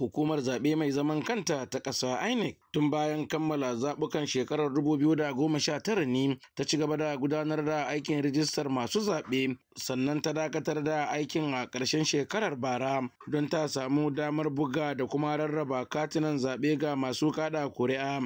hukumar zaɓe mai zaman kanta ta ƙasa INEC tun bayan kammala zaɓukan shekarar 2019 ne ta ci gaba da gudanar da aikin rijistar masu zaɓe sannan ta dakatar da aikin a ƙarshen shekarar bara don ta samu damar buga da kuma rarraba katinan zaɓe ga masu kaɗa kuri'a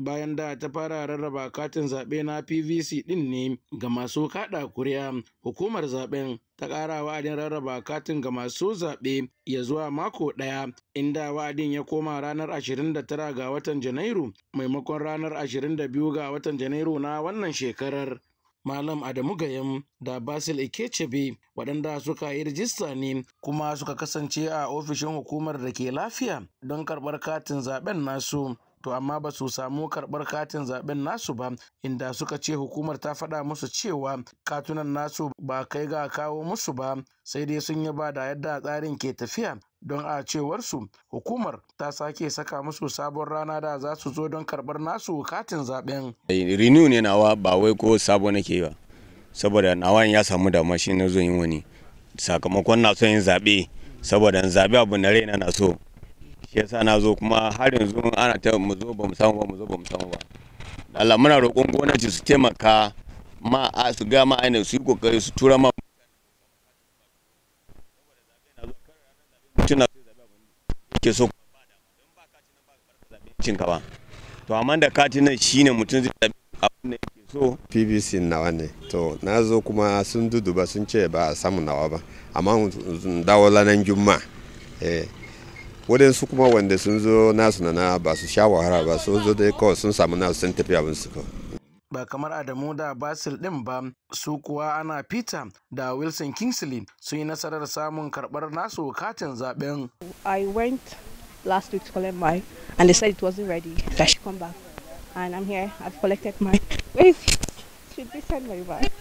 bayan da ta fara rarraba katin zaɓe na PVC ɗin ne ga masu kaɗa kuriya, hukumar zaɓen ta ƙara wa'adin rarraba katin ga masu zaɓe ya zuwa mako ɗaya inda wa'adin ya koma ranar 29 ga watan Janairu maimakon ranar 22 ga watan Janairu na wannan shekarar. Malam Adamu Gayam da Basil Ikechebe waɗanda suka yi rijista ne kuma suka kasance a ofishin hukumar da ke lafiya don karɓar katin zaɓen nasu to amma ba su samu karɓar katin zaben nasu ba inda suka ce hukumar ta faɗa musu cewa katunan nasu ba kai ga kawo musu ba sai dai sun yaba da yadda tsarin ke tafiya don a cewar su hukumar ta sake saka musu sabon rana da za su zo don karbar nasu katin zaben. Eh, renew ne nawa ba wai ko sabo nake ba saboda nawa ya samu da shi na zo yin wani sakamakon na so yin zaɓe saboda zaɓe abu na raina na so yasa na zo kuma har yanzu ana ta mu zo ba mu samu ba mu zo ba mu samu ba Allah muna roƙon gwamnati su taimaka ma a su ga ma ainihin su yi kokari su tura ma ke so ba to amma da kati nan shine mutum zai zabi abin da yake so pbc nawa ne to na zo kuma sun duduba sun ce ba a samu nawa ba amma dawo lanan juma'a eh, waɗansu kuma wanda sun zo nasu na ba su sha wahara ba sun zo dai kawai sun samu nasu sun tafi abin su ba kamar Adamu da Basil ɗin ba su kuwa ana Peter da Wilson Kingsley sun yi nasarar samun karɓar nasu katin zaɓen. I went last week to collect my and they said it wasn't ready. I should come back and I'm here. I've collected my. Wait, should be sent my back.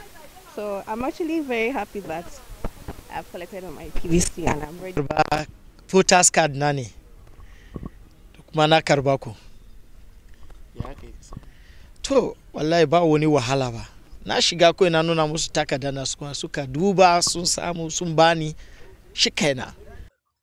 So I'm actually very happy that I've collected my PVC and I'm ready. Back. voters card na ne kuma na karba ku to wallahi ba wani wahala ba na shiga kawai na nuna musu takarda na suka duba sun samu sun bani shi kaina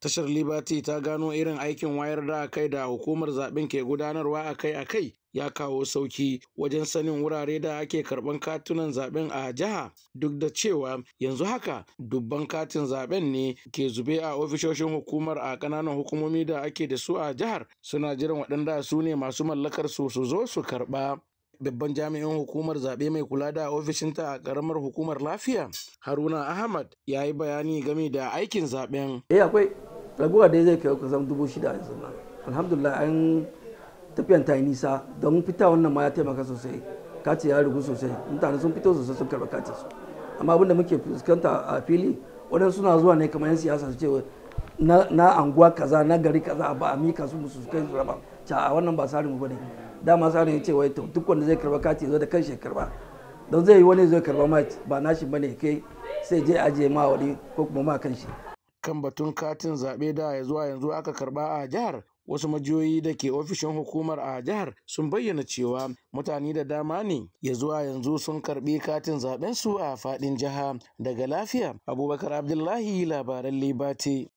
Tashar Liberty ta gano irin aikin wayar da kai da hukumar zaben ke gudanarwa akai-akai ya kawo sauki wajen sanin wurare da ake karban katunan zaben a jiha duk da cewa yanzu haka dubban katin zaben ne ke zube a ofishoshin hukumar a kananan hukumomi da ake da su a jihar suna jiran waɗanda su ne masu mallakar su su zo su karba babban jami'in hukumar zaɓe mai kula da ofishinta a ƙaramar hukumar lafiya haruna ahmad ya yi bayani game da aikin zaɓen. eh akwai raguwa dai zai kai kusan dubu shida yanzu nan alhamdulillah an tafiyan ta yi nisa don fita wannan ma ya taimaka sosai kati ya rigu sosai mutane sun fito sosai sun karɓi kati su amma abin da muke fuskanta a fili wadanda suna zuwa ne kamar yan siyasa su ce na anguwa kaza na gari kaza ba a mika su musu kai su raba ca a wannan ba sari mu bane dama sari ya ce wai to duk wanda zai karba kati zo da kan ya karba don zai yi wani zai karba ma ba nashi bane kai sai je aje ma wani ko kuma ma kan shi kan batun katin zaɓe da zuwa yanzu aka karɓa a jihar wasu majiyoyi da ke ofishin hukumar a jihar sun bayyana cewa mutane da dama ne ya zuwa yanzu sun karɓi katin zaɓen su a faɗin jiha daga lafiya abubakar abdullahi labaran libate